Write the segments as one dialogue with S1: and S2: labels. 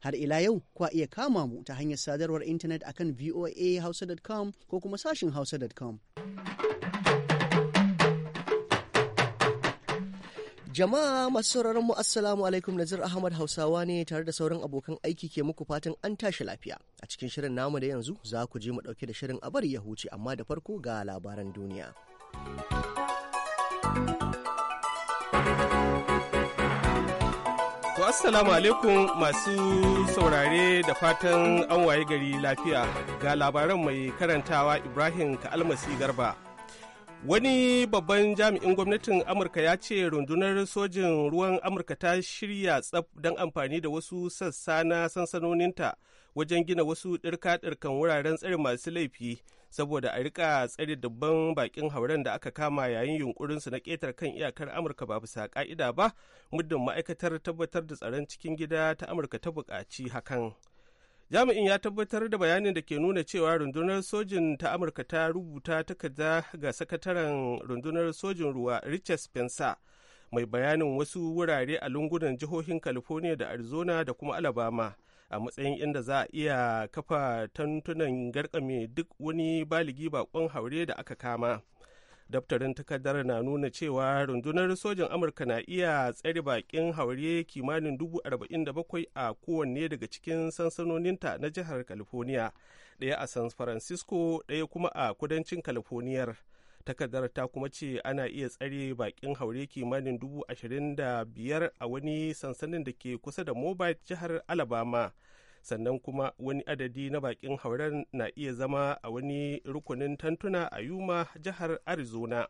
S1: har ila yau kwa iya kama mu ta hanyar sadarwar intanet akan voahausa.com ko kuma sashin hausa.com. Jama'a masu sauraron mu assalamu alaikum Nazir Ahmad Hausawa ne tare da sauran abokan aiki ke muku fatan an tashi lafiya. A cikin shirin namu da yanzu za ku je mu dauke da shirin a bari ya huce amma da farko ga labaran duniya.
S2: assalamu alaikum masu saurare da fatan an waye gari lafiya ga labaran mai karantawa Ibrahim Ka'almasi Garba. Wani babban jami'in gwamnatin Amurka ya ce rundunar sojin ruwan Amurka ta shirya tsaf don amfani da wasu sassa na sansanoninta wajen gina wasu ɗirka-ɗirkan wuraren tsare masu laifi saboda a rika tsare dubban bakin hauren da aka kama yayin yunkurin su na ketar kan iyakar amurka ba bisa ka'ida ba muddin ma'aikatar tabbatar da tsaron cikin gida ta amurka ta buƙaci hakan jami'in ya tabbatar da bayanin da ke nuna cewa rundunar sojin ta amurka ta rubuta takarda ga sakataren rundunar sojin ruwa richard spencer mai bayanin wasu wurare a lungunan jihohin california da arizona da kuma alabama a matsayin inda za a iya kafa tantunan garkame duk wani baligi bakon haure da aka kama daftarin takardar na nuna cewa rundunar sojin amurka na iya tsare bakin haure kimanin dubu arba'in da bakwai a kowanne daga cikin sansanoninta na jihar california ɗaya a san francisco ɗaya kuma a kudancin california takardar ta kuma ce ana iya tsare bakin haure kimanin dubu ashirin da biyar a wani sansanin da ke kusa da mobile jihar alabama sannan kuma wani adadi na bakin hauren na iya zama a wani rukunin tantuna a yuma jihar arizona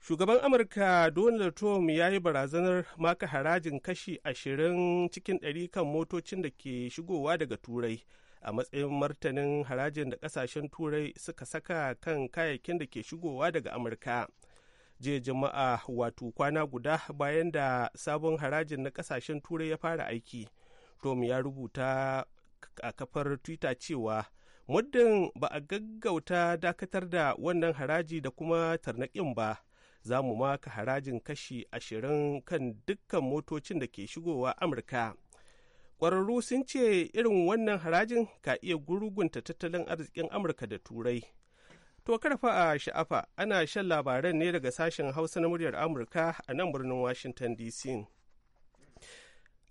S2: shugaban amurka donald trump ya yi barazanar maka harajin kashi ashirin cikin ɗari kan motocin da ke shigowa daga turai a matsayin martanin harajin da kasashen turai suka saka kan kayayyakin da ke shigowa daga amurka jiya jama'a wato kwana guda bayan da sabon harajin na ƙasashen turai ya fara aiki tom ya rubuta a kafar Twitter cewa muddin ba a gaggauta dakatar da wannan haraji da kuma tarnaƙin ba za mu maka harajin kashi ashirin kan dukkan motocin da ke shigowa amurka ƙwararru sun ce irin wannan harajin ka iya gurgunta tattalin arzikin amurka da turai to karfa a sha'afa ana shan labaran ne daga sashen hausa na muryar amurka a nan birnin washington dc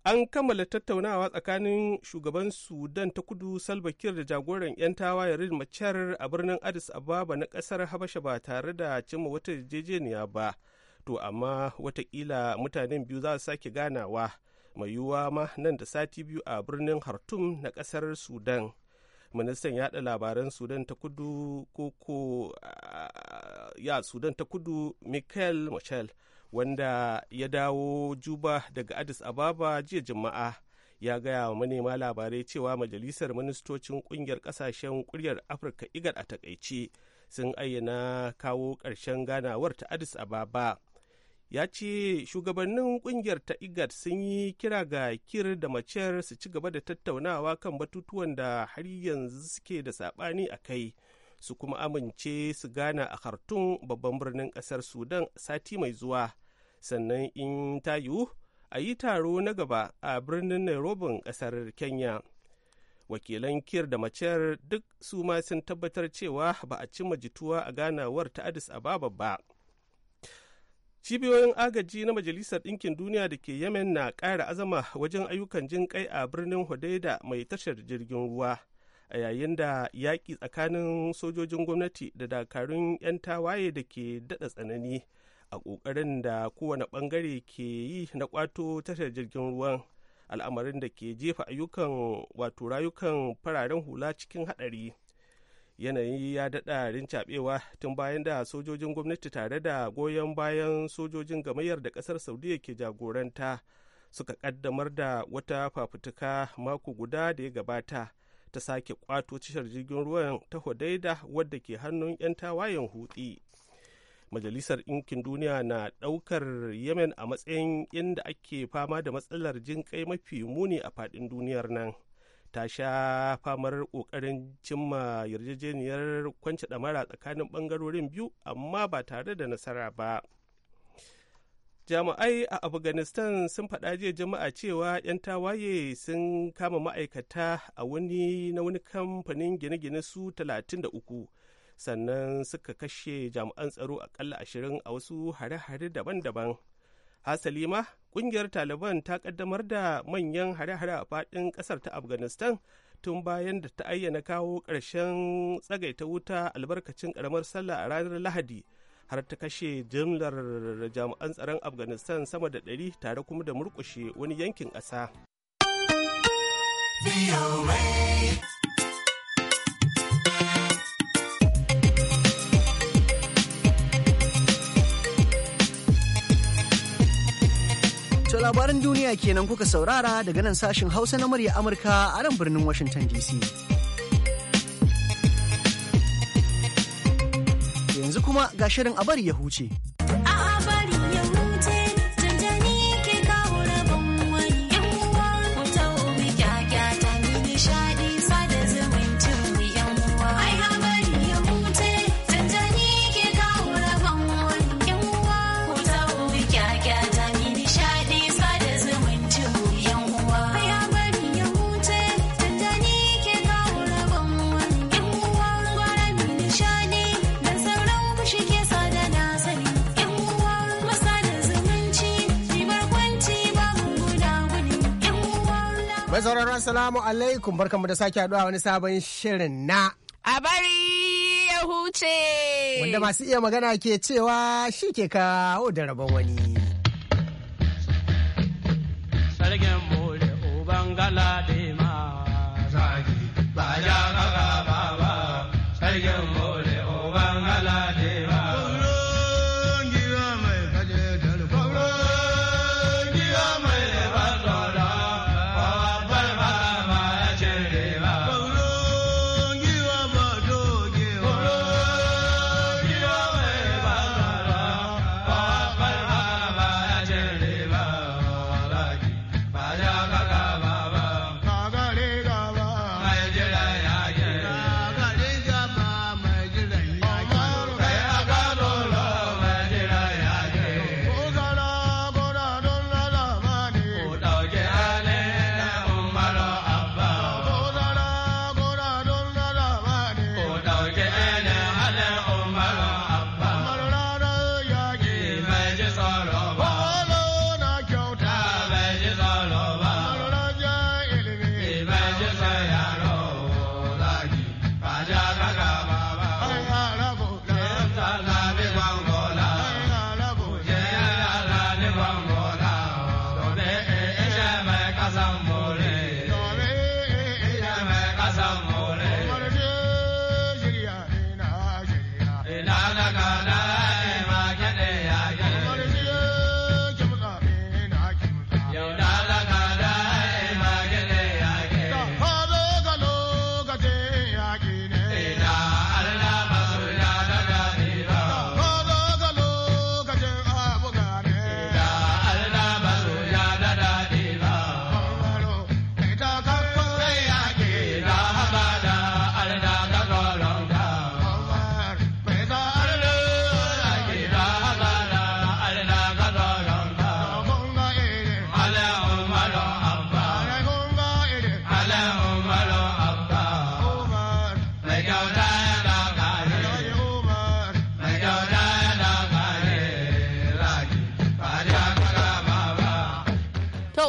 S2: an kammala tattaunawa tsakanin shugaban sudan ta kudu salva kiir da jagoran 'yan tawaye rid machar a birnin addis ababa na kasar habasha ba tare da cimma wata yarjejeniya ba to amma watakila mutanen biyu za su sake ganawa mai yiwuwa ma nan da sati biyu a birnin hartum na kasar sudan ministan yada labaran sudan ta kudu koko ya sudan ta kudu michael machel wanda ya dawo juba daga addis ababa jiya juma'a ya gaya wa manema labarai cewa majalisar ministocin kungiyar kasashen kuryar afirka igar a takaice sun ayyana kawo ƙarshen ganawar ta addis ababa ya ce shugabannin kungiyar ta igar sun yi kira ga kir da macer su ci gaba da tattaunawa kan batutuwan da har yanzu suke da saɓani a kai su kuma amince su gana a Khartoum babban birnin ƙasar Sudan sati mai zuwa. Sannan in ta yiwu a yi taro na gaba a birnin Nairobi ƙasar Kenya. Wakilan Kir da Macer duk su ma sun tabbatar cewa ba a cimma jituwa a ganawar ta Addis Ababa ba. cibiyoyin agaji na majalisar ɗinkin duniya da ke yemen na ƙara azama wajen ayyukan jin kai a birnin hodeida mai tashar jirgin ruwa a yayin da yaƙi tsakanin sojojin gwamnati da dakarun 'yan tawaye da ke daɗa tsanani a ƙoƙarin da kowane ɓangare ke yi na ƙwato tashar jirgin ruwan al'amarin da ke jefa ayyukan wato rayukan fararen hula cikin haɗari yanayi ya daɗa rincaɓewa tun bayan da sojojin gwamnati tare da goyon bayan sojojin gamayyar da ƙasar saudiya ke jagoranta suka ƙaddamar da wata fafutuka mako guda da ya gabata ta sake kwato tashar jirgin ruwan ta hodaida wadda ke hannun 'yan tawayen hutsi majalisar ɗinkin duniya na ɗaukar yemen a matsayin inda ake fama da matsalar jin kai mafi muni a fadin duniyar nan ta sha famar ƙoƙarin cimma yarjejeniyar kwance ɗamara tsakanin ɓangarorin biyu amma ba tare da nasara ba jami'ai a afghanistan sun faɗa jiya jama'a cewa 'yan tawaye sun kama ma'aikata a wani na wani kamfanin gine-gine su 33 sannan suka kashe jami'an tsaro akalla 20 a wasu hare-hare daban-daban hasali ma kungiyar taliban ta kaddamar da manyan hare-hare a faɗin ƙasar ta afghanistan tun bayan da ta ayyana kawo ƙarshen tsagaita wuta albarkacin ƙaramar sallah a ranar lahadi har ta kashe jimlar jami'an tsaron afghanistan sama da ɗari tare kuma da murkushe wani yankin ƙasa.
S1: To labaran duniya kenan kuka saurara daga nan sashin Hausa na murya Amurka a nan birnin Washington DC. yanzu kuma ga shirin a bari ya huce.
S3: Assalamu alaikum barkanmu da sake haɗuwa wani sabon shirin na.
S4: A bari ya huce. Wanda
S3: masu iya magana ke cewa shi ke kawo da rabon wani.
S5: Sargin mu da uban gala ma. Zagi, ba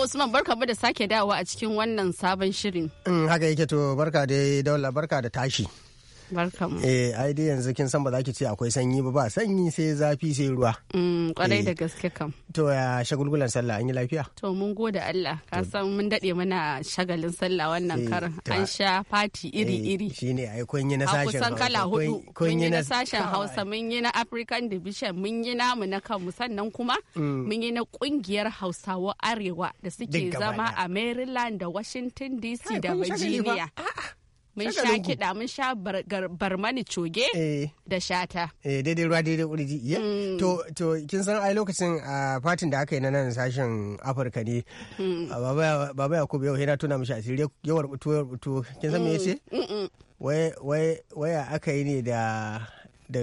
S4: Usman barka da sake dawowa a cikin wannan sabon shirin. In mm, haka yake to barka dai daula barka da tashi. barkamu
S3: eh yanzu kin san ba za ki ce akwai sanyi ba ba sanyi sai zafi sai ruwa
S4: mm kwarai da eh. gaske kam
S3: to ya shagulgulan sallah an yi lafiya
S4: to mun gode Allah ka san mun dade mana shagalin sallah wannan eh, karan. an sha fati eh, iri iri shine ai
S3: kun yi na sashen kusan kala hudu kun yi na sashen Hausa
S4: mun yi na African Division mun yi namu na kanmu sannan kuma mm. mun yi na kungiyar Hausawa Arewa da suke zama a Maryland da Washington DC da Virginia mun sha kiɗa mun sha barmani coge eh. da shata
S3: eh daidai ruwa daidai kurji iya mm. to to kin san ai lokacin a fatin da aka yi na nan sashen afirka ne mm. baba yakubu yau yana tuna mishi asiri yawar butu yawar butu kin san me yace mm, wai wai waya aka yi ne da da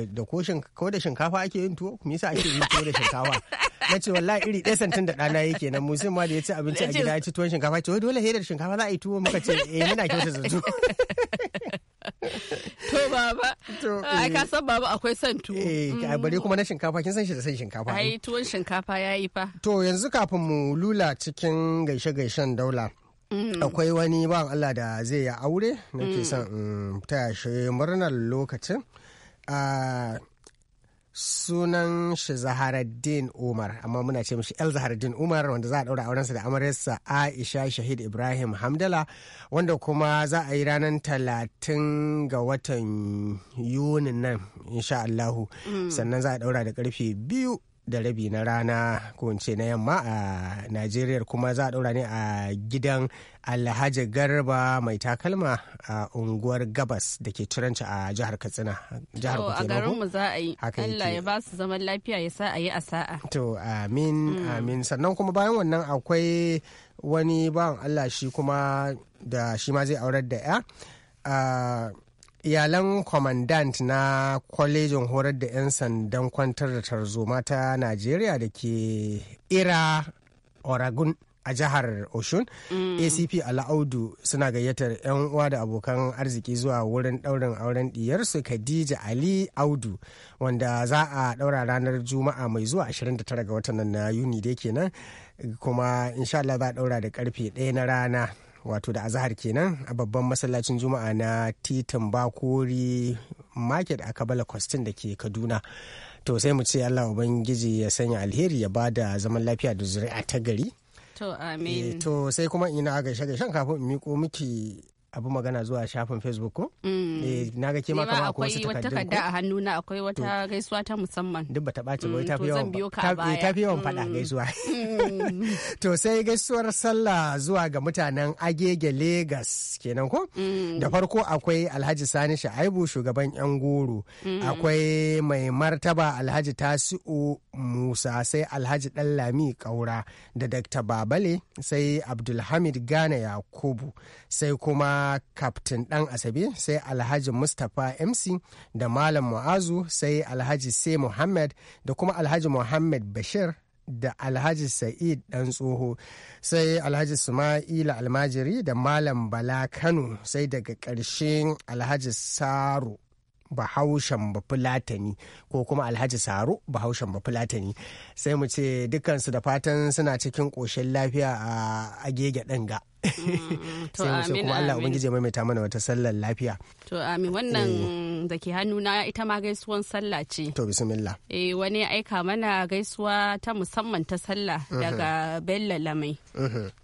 S3: ko da shinkafa ake yin tuwo me yasa ake yin tuwo da shinkafa na ce wallahi iri ɗaya santin da ɗana yake nan musin ma da ya ci abinci a gida ya ci tuwon shinkafa ce wai dole hedar shinkafa za a yi tuwo muka ce eh muna kyauta da
S4: baba. Ai ka eh. san
S3: baba akwai son tuwo. Eh mm. bare kuma na shinkafa kin san shi da san shinkafa. Ai
S4: eh? tuwon shinkafa yayi fa.
S3: To yanzu kafin mu lula cikin gaishe-gaishen daula. Mm. akwai wani ban Allah da zai yi aure nake mm. son taya shi murnar lokacin ah, sunan shi zaharaddin umar amma muna ce mishi el zaharaddin umar wanda za a daura aurensa da amaryarsa aisha shahid ibrahim hamdala wanda kuma za a yi ranar talatin ga watan yunin nan insha allahu mm. sannan za a ɗaura da karfe biyu da rabi na rana ko ce na yamma a Najeriya kuma za a ɗaura ne a gidan Alhaji Garba mai takalma a unguwar Gabas da ke Turanci a jihar Katsina. Jihar to a garin
S4: za a yi. Allah ya ba su zaman lafiya ya sa a yi a
S3: To amin mm. amin sannan kuma bayan wannan akwai wani bawan Allah shi kuma da shi ma zai aurar da 'ya. Ah, iyalan kwamandant na kwalejin horar da 'yan sandan kwantar da tarzoma ta najeriya da ke ira oragun a jihar oshun mm. acp al'audu suna gayyatar 'yan uwa da abokan arziki zuwa wurin daurin auren diyarsu khadija ali audu wanda za a daura ranar juma'a mai zuwa 29 ga watan na yuni da kenan kuma insha Allah za a daura da karfe 1 na rana wato da azahar kenan a babban masallacin juma'a na titin bakori market a kabala kwastin da ke kaduna to sai mu ce allah ubangiji ya sanya alheri ya bada zaman lafiya da zuri'a ta gari to eh, sai kuma ina gaishe shan kafin miko miki abu magana zuwa shafin facebook ko mm. eh, na ga ke ma kama akwai wata takarda a
S4: hannuna akwai wata gaisuwa ta musamman duk
S3: bata ɓaci ba mm, ta fi yawan ta fi yawan faɗa gaisuwa
S4: mm.
S3: to sai gaisuwar sallah zuwa ga mutanen agege lagos kenan ko da farko akwai alhaji sani sha'aibu shugaban yan goro akwai mai martaba alhaji tasi'u musa sai alhaji ɗanlami kaura da dakta babale sai abdulhamid gane yakubu sai kuma na kaftin dan asabe sai alhaji mustapha mc da malam mu'azu sai alhaji sai muhammad da kuma alhaji muhammad bashir da alhaji sa'id dan tsoho sai alhaji suma'ila almajiri da malam bala kano sai daga ƙarshen alhaji saro bahaushen bafulatani ko kuma alhaji Saro bahaushen bafulatani sai mu ce dukansu da fatan suna cikin koshin lafiya a agege ɗanga mm,
S4: sai mu ce kuma Allah ubangiji
S3: maimaita mana wata sallar lafiya
S4: to amin wannan eh. da ke hannuna ita ma gaisuwan sallah ce to bismillah eh wani aika mana gaisuwa ta musamman ta sallah daga Bello Lamai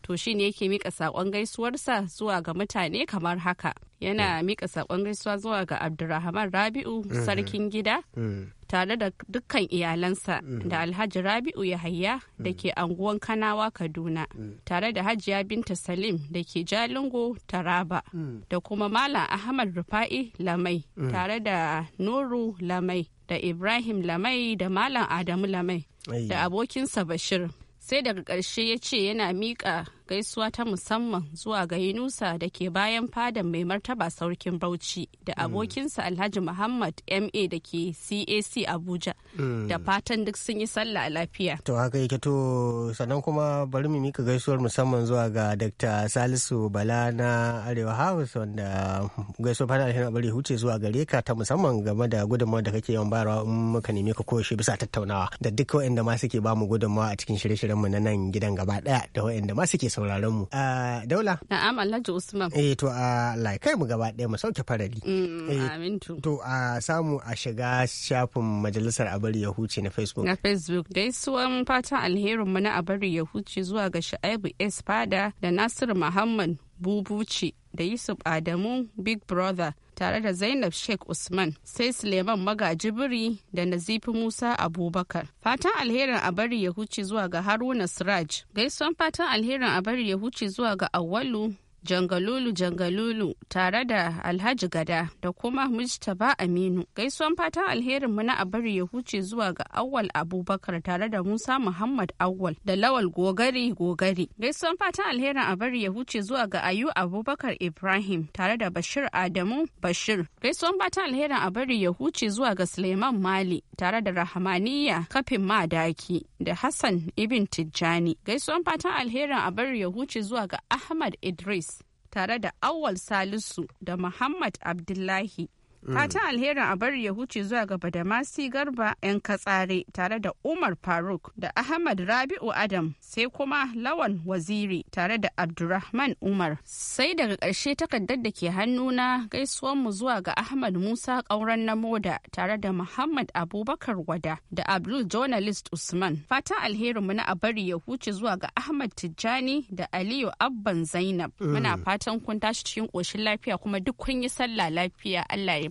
S4: to shine yake mika sakon gaisuwarsa zuwa ga mutane kamar haka yana mm. mika sakon gaisuwa zuwa ga abdurrahman rabi'u mm-hmm. sarkin gida mm. tare da dukkan iyalansa mm-hmm. da alhaji rabi'u yahaya da mm. ke anguwan kanawa kaduna tare da hajiya binta salim da ke jalingo taraba da kuma malam ahmad rufa'i lamai tare da nuru lamai da ibrahim lamai da malam adamu lamai da abokinsa bashir sai daga ƙarshe ya ce yana miƙa gaisuwa ta musamman zuwa ga Yunusa da ke bayan fadan mai martaba sarkin Bauchi da mm. abokinsa Alhaji Muhammad MA da ke CAC Abuja mm. da fatan duk sun yi sallah lafiya.
S3: To haka yake to sannan kuma bari mu mika gaisuwar musamman zuwa ga Dr. Salisu Bala na Arewa House wanda gaisuwar fatan alheri bari huce zuwa gare ka ta musamman game da gudunmawar da kake yawan bayarwa in muka neme ka koyaushe bisa tattaunawa da duk waɗanda ma suke ba mu gudunmawa a cikin shirye-shiryenmu na nan gidan gaba ɗaya da waɗanda ma suke son sauraron mu. Daula.
S4: Na'am Alhaji Usman. Eh
S3: to a laikai mu gaba ɗaya mu sauke farali. Mm, eh, Amintu. To a samu a shiga shafin majalisar abari ya huce na Facebook. Na
S4: Facebook dai suwan fatan alherin mu na abari ya zuwa ga Sha'ibu S Fada da Nasiru Muhammad Bubuci da Yusuf Adamu Big Brother. tare da Zainab Sheikh Usman sai Suleiman Magajibiri da Nazifi Musa Abubakar. Fatan alherin a bari ya huce zuwa ga Haruna Siraj. Gaisuwan fatan alherin a bari ya huce zuwa ga Awwalu Jangalulu Jangalulu tare da Alhaji Gada da kuma Mujtaba Aminu. Gaisuwan fatan alherin mu na abar ya huce zuwa ga Awwal Abubakar tare da Musa Muhammad Awwal da Lawal Gogari Gogari. Gaisuwan fatan alherin bari ya huce zuwa ga Ayu Abubakar Ibrahim tare da Bashir Adamu Bashir. Gaisuwan fatan alherin bari ya huce zuwa ga Suleiman Mali tare da Rahmaniya Kafin Madaki da Hassan Ibin Tijjani. Gaisuwan fatan alherin bari ya huce zuwa ga Ahmad Idris tare da Awal Salisu da Muhammad Abdullahi. Mm. Fatan alherin a bari ya huce zuwa ga Badamasi Garba 'yan katsare tare da Umar Faruk da Ahmad Rabi'u Adam sai kuma Lawan Waziri tare da Abdurrahman Umar. Sai daga ƙarshe takardar da ke hannu hannuna mu zuwa ga Ahmad Musa ƙauren na moda tare da Muhammad Abubakar Wada da Abdul Journalist Usman. Fatan alherin mu na a bari ya huce zuwa ga Ahmad Tijjani da Aliyu Abban Zainab. Mm. Muna fatan kun tashi cikin ƙoshin lafiya kuma duk kun yi sallah lafiya Allah ya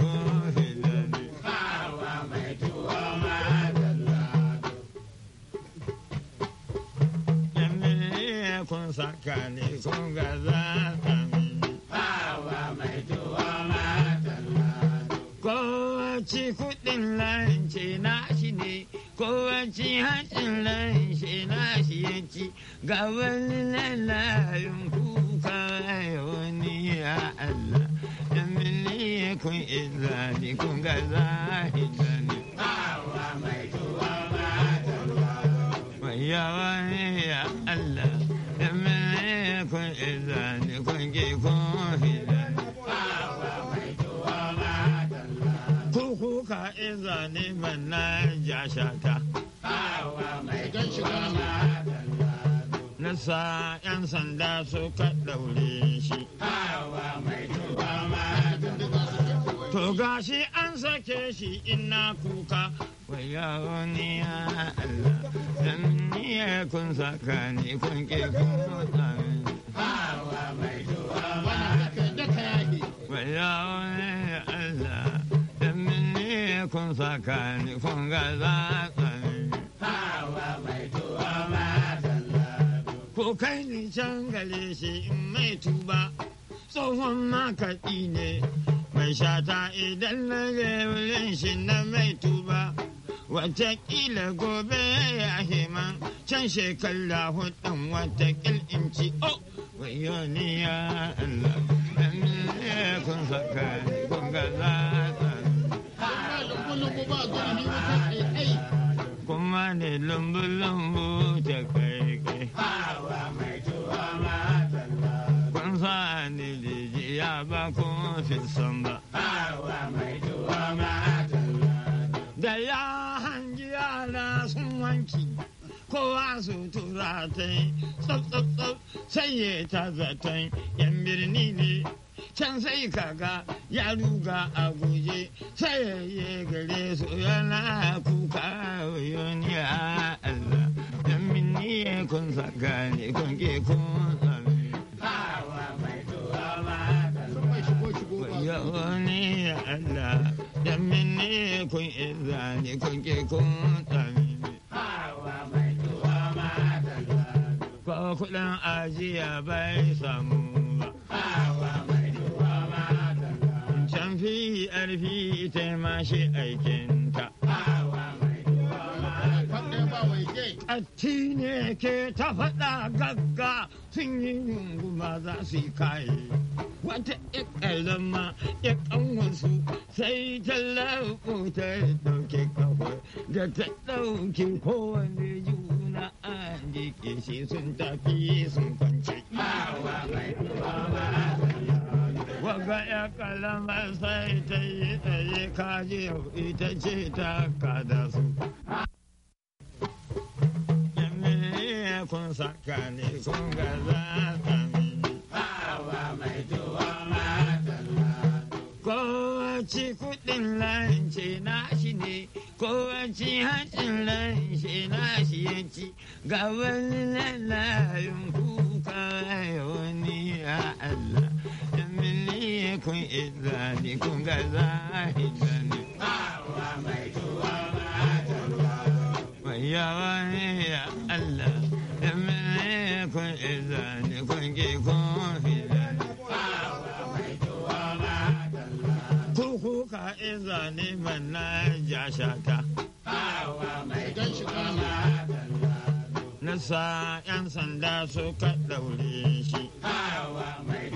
S6: saka ne ga mai Kowace kuɗin lance na shi ne, kowace hancin lance na shi ya ci, ga wani lalayin kuka wani ya Allah, da miliya kun izani kun ga za na shata. Nasa 'yan sanda suka daure shi. To gashi an sake shi ina kuka. Wayo ni ya Allah, dan ni ya kun saka ni kun ke kun mutane. Hawa
S5: mai duwa ma ka da kayi.
S6: Wayo ni kun saka ni kun gaza zatsani.
S5: Hawa mai tuwa
S6: madallado. Ko kai ni can gare shi in mai tuba, tsohon makaɗi ne. Mai shata idan na wurin shi na mai tuba. Watakila gobe ya hima can shekara hudun watakil in ci o wayoniya Allah. Kun saka ni kun gaza. kuma ne lumbu lumbu ta kai kai hawa mai tuwa matalla kun sa ne jijiya ba kun fi san ba hawa mai tuwa matalla da ya hangi yara sun wanki kowa su tura ta yi tsaf tsaf tsaf sanye ta zaton yan birni ne can sai kaga ya ruga a guje sai ya gare su yana kuka yoni a Allah dan minni kun saka ne kun ke kun sami. mai Yawani ya Allah, dan minni kun iza ne kun ke kun sami. Hawa mai tuwa ma da Ko kuɗin ajiya bai samu ƙarfi ita ma shi aikinta. Atti ne ke ta faɗa gagga sun yi yunguma za su yi kaye. Wata ƙalama ya ƙanwansu sai ta laɓo ta ɗauke kawai da ta ɗauke kowane juna a jike sun tafi sun kwanci. ga ya kalama sai ta yi tsaye kaji ita ce ta kada su. Yamini kun saka ne kun ga za ta mini. Bawa mai tuwa matalla. Kowace kudin lance na shi ne, kowace hancin lance na shi yanci, ga wani lalayin kuka wani ya Allah. kun izani kun ga zahidani
S5: bawa mai
S6: mai yawa ne ya Allah kun izani kun kun mai ku kuka izani mai nasa 'yan sanda suka ɗaure shi. Hawa mai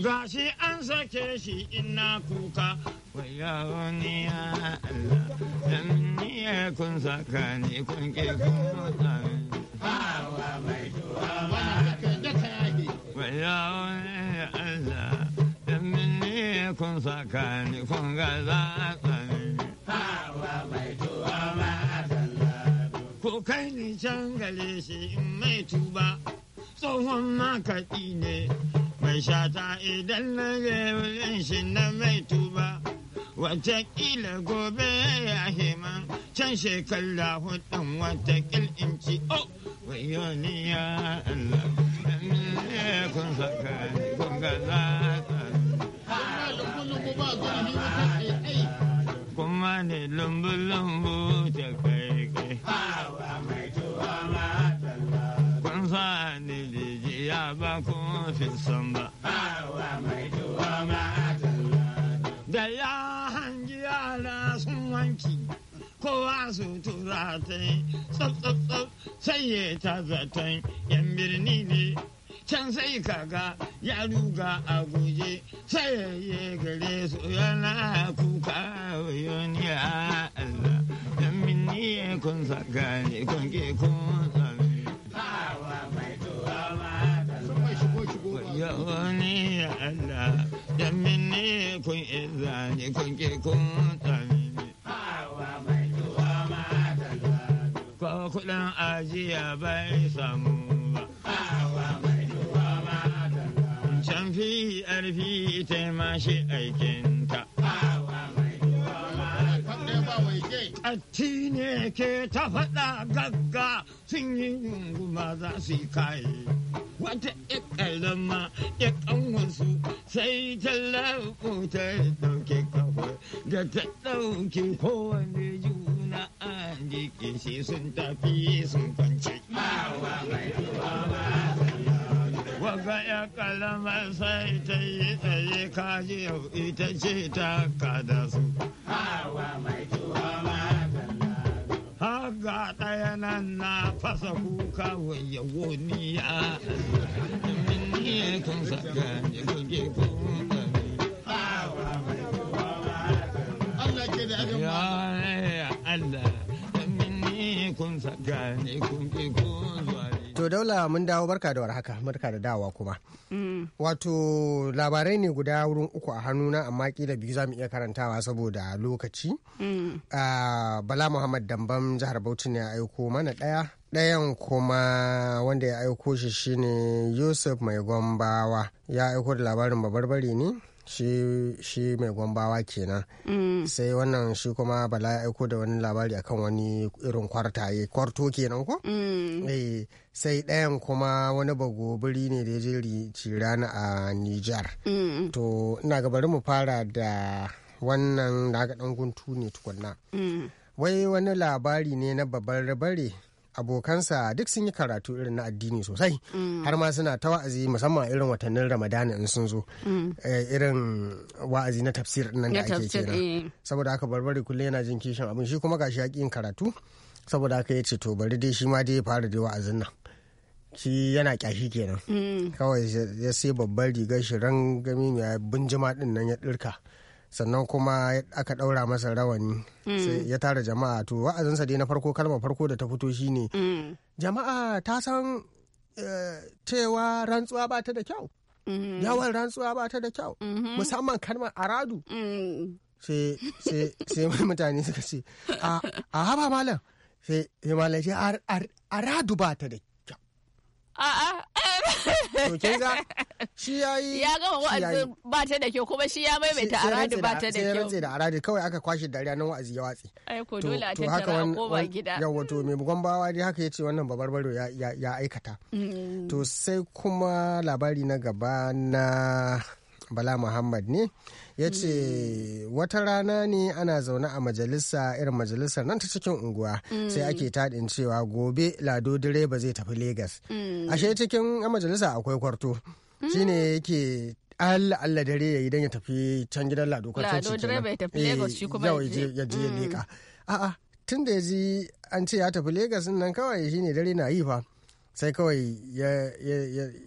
S6: gashi an sake shi ina kuka, wayo ni ya Allah, dan ni ya kun saka ni kun ke kun mota ni.
S5: Hawa mai tuwa ba ka da kage.
S6: ni ya Allah, dan ni ya kun saka ni kun ga za tsani. Hawa mai tuwa ba ka da Ko kai ni jangale shi mai tuba, tsohon makaɗi ne. mai shata idan na je shi na mai tuba watakila gobe ya hima can shekara hudun watakil in ci o oh, wayo ni ya Allah kun saka kun kuma ne lumbu-lumbu ta kai kai kun sa ni ya ba ku fi samba. Bawa mai tuwa ma Da ya hangi yara sun wanki, kowa su tura ta yi, tsatsatsat sai ya ta zaton yan birni ne. Can sai kaga ya ruga a guje sai ya yi gare su yana kuka wa yoni a Allah. Yan birni kun saka ne kun ke kun ya wani ya Allah dan minni kun izani kun ke kun tsamimi. Ko kuɗin ajiya bai samu ba. Can fi arfi ita ma shi aikinta. Atti ne ke ta faɗa gagga sun yi yungu ma za su yi kaye. Wata zama ya kanwansu sai tallafu ya dauke kafa da ta dauke kowane juna a jiki shi sun tafi sun kwance. Waga ya kalama sai ta yi tsaye kaji yau ita ce ta kada su. Hawa mai tuwa ma Haga ɗaya nan na fasa kuka wayo ni a.
S3: To daula mun dawo barka da warhaka barka da dawa kuma. Mm. Wato labarai ne guda wurin uku a hannuna amma kila biyu za mu iya karantawa saboda lokaci. Mm. Ah, Bala Muhammad Dambam jihar Bauchi ne aiko mana ɗaya ɗayan kuma wanda ya aiko shi shine yusuf mai gombawa ya aiko da labarin babarbari ne shi, shi mai gombawa kenan mm. sai wannan shi kuma bala ya aiko da wani labari akan wani irin kwartaye kwarto kenan ko mm. eh, sai ɗayan kuma wani bagobiri ne da ya je rana a Niger. Mm. to ina ga bari mu fara da wannan na ga ɗan guntu ne tukunna mm. wai wani labari ne na babbar bare abokansa duk sun yi karatu irin na addini sosai mm. har ma suna ta wa'azi musamman irin watannin ramadana in sun zo mm. eh, irin wa'azi na tafsir nan da ake kenan eh. saboda haka barbare kullum yana jin kishin abin shi kuma gashi ya yin karatu saboda haka ya ce to bari dai shi ma dai ya fara dai wa'azin nan shi yana kyashi kenan mm. kawai ya sai babbar rigar shi rangami mai ya bunjima din nan ya dirka sannan kuma aka ɗaura masa rawani mm. sai ya tara jama'a to wa'azinsa dai na farko kalmar farko da ta fito shine mm. jama'a ta san eh, cewa rantsuwa ba ta da kyau mm-hmm. yawan rantsuwa ba ta da kyau mm-hmm. musamman kalmar aradu mm. sai mutane suka ce a haba malam sai malam ce aradu ba ta da kyau.
S4: To kin ga shi yayi ya gama wa'azi ba ta da kyau kuma shi ya maimaita aradi ba ta da kyau.
S3: Sai rantse da aradi kawai aka kwashe dariya nan wa'azi ya watsi.
S4: Ai ko dole a tattara ko ba
S3: gida. Yawwa to mai bugon bawa dai haka yace wannan babarbaro ya ya aikata. Mm. To sai kuma labari na gaba na bala muhammad ne ya ce mm. wata rana ne ana zaune a majalisa irin majalisar nan ta cikin unguwa mm. sai ake taɗin cewa gobe lado direba zai tafi Legas. Mm. ashe cikin majalisa akwai kwarto shine yake Allah Allah dare ya yi don ya tafi can gidan Lado nan. Lado direba ya tafi Lagos shi kuma ya je ya leka. A'a tun da ya ji an ce ya tafi Lagos nan kawai shine dare na yi fa. sai kawai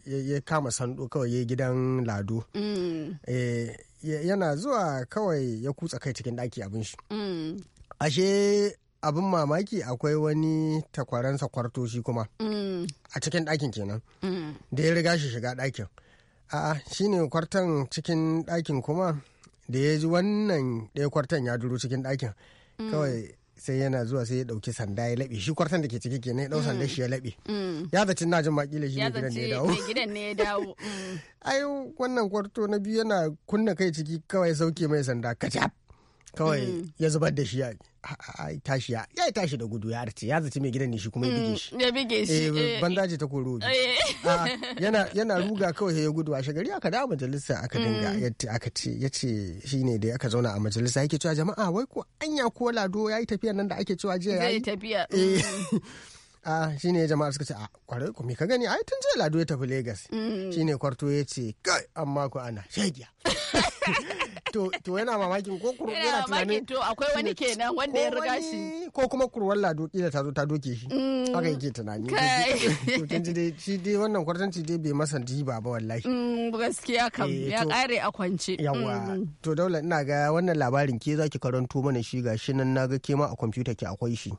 S3: ya, kama sandu kawai ya gidan lado mm. eh, yana zuwa kawai ya kutsa kai cikin ɗaki abin shi mm. ashe abin mamaki akwai wani takwaransa kwarto shi kuma mm. a cikin ɗakin kenan da ya riga shi shiga ɗakin a'a shine kwartan cikin ɗakin kuma da ya ji wannan ɗaya kwartan ya duro cikin ɗakin kawai sai yana zuwa sai ya dauki sanda ya laɓe shi kwartan da ke ciki kenan ya dau sanda mm. shi ya laɓe mm. ya zaci na jin makila shi ne gidan ne ya dawo
S4: gidan ne ya dawo
S3: ai wannan kwarto na biyu yana kunna kai ciki kawai sauke mai sanda kacap kawai mm. ya zubar da shi tashi ya ya tashi da gudu ya arti ya zaci mai gidan nishi shi kuma ya bige mm, shi ya bige shi eh, eh. bandaji ta koro eh. yana yana ruga kawai ya gudu a shagari aka da majalisa aka dinga mm. aka ce yace shine da aka zauna a majalisa yake cewa jama'a wai ko anya ko lado yayi tafiya nan da ake cewa jiya yayi tafiya a shi ne jama'a suka ce a kwarai ku me ka gani ai tun jiya lado ya tafi Legas. shi ne kwarto ya ce kai amma ku ana shagiya to
S4: yana mamakin ko kurwar yana tunanin to akwai wani kenan wanda ya riga shi
S3: ko kuma kurwar lado kila ta zo ta doke shi
S4: mm. haka yake
S3: tunani to kin ji dai shi dai wannan kwartanci dai bai masa diba ba wallahi
S4: mm, gaskiya kam eh, ya kare a kwance yawa mm.
S3: to daula ina ga wannan labarin ke zaki karanto mana shi gashi nan naga ke ma a kwamfuta ke akwai shi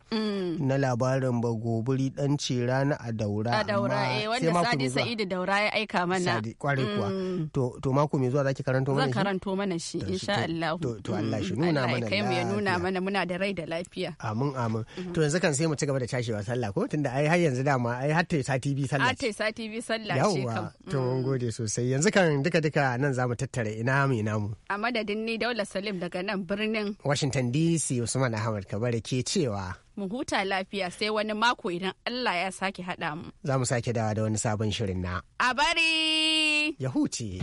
S3: na labarin ba goburi dan ce rana a daura a daura eh wanda Sadi Sa'idu
S4: daura ya aika mana Sadi kware kuwa
S3: to to mako mai zuwa zaki karanto mana shi
S4: karanto mana shi insha Allah to Allah shi mm-hmm. nuna mana kai mu ya nuna mana muna da rai da lafiya
S3: amin amin mm-hmm. to yanzu kan sai mu ci gaba da cashewa sallah ko tunda ai har yanzu dama ai har tai sati biyu sallah har
S4: tai sati biyu sallah ce kam to mun mm-hmm.
S3: gode sosai yanzu kan duka duka nan zamu tattara ina mu ina mu
S4: a madadin ni Daula Salim daga nan birnin
S3: Washington DC Usman Ahmad Kabare ke cewa
S4: mu huta lafiya sai wani mako idan Allah ya sake haɗa mu.
S3: Za mu sake dawa da wani sabon shirin na.
S4: A bari!
S3: Ya huce.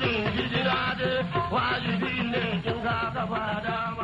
S5: gudun hijira da wajibi ne kin ka gaba